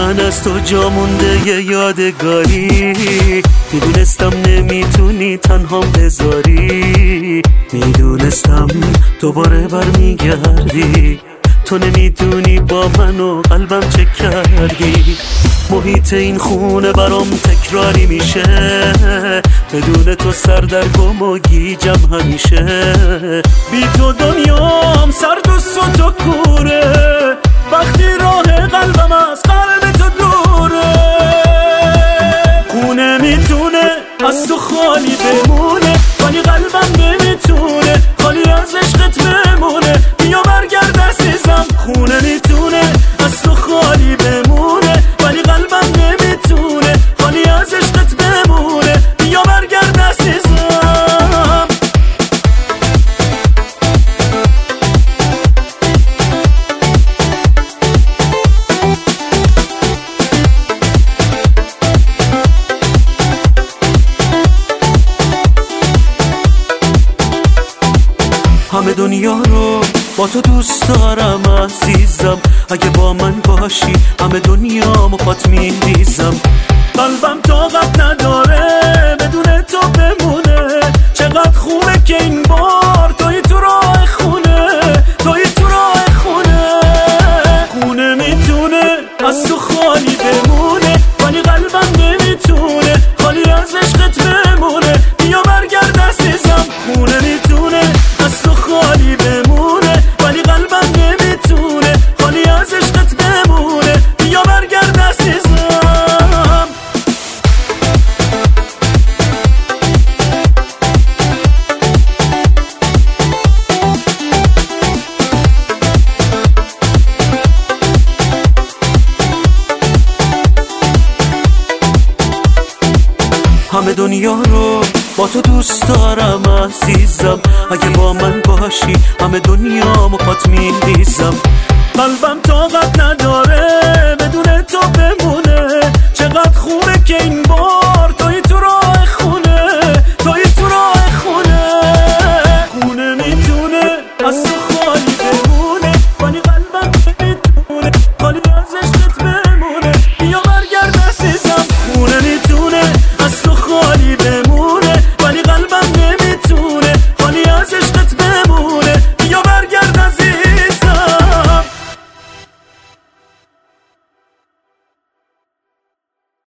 من از تو جا مونده یه یادگاری میدونستم نمیتونی تنها بذاری میدونستم دوباره برمیگردی تو نمیدونی با من و قلبم چه کردی محیط این خونه برام تکراری میشه بدون تو سردرگم و گیجم همیشه بی تو دنیام سرد و سوت و کوره وقتی راه خالی بمونه ولی قلبم نمیتونه خالی از عشقت بمونه همه دنیا رو با تو دوست دارم عزیزم اگه با من باشی همه دنیا مخاط میریزم قلبم وقت نداره خالی بمونه ولی قلبم نمیتونه خالی از عشقت بمونه بیا برگرد عزیزم همه دنیا رو با تو دوست دارم عزیزم اگه با من باشی همه دنیا مو پات قلبم طاقت نداره بدون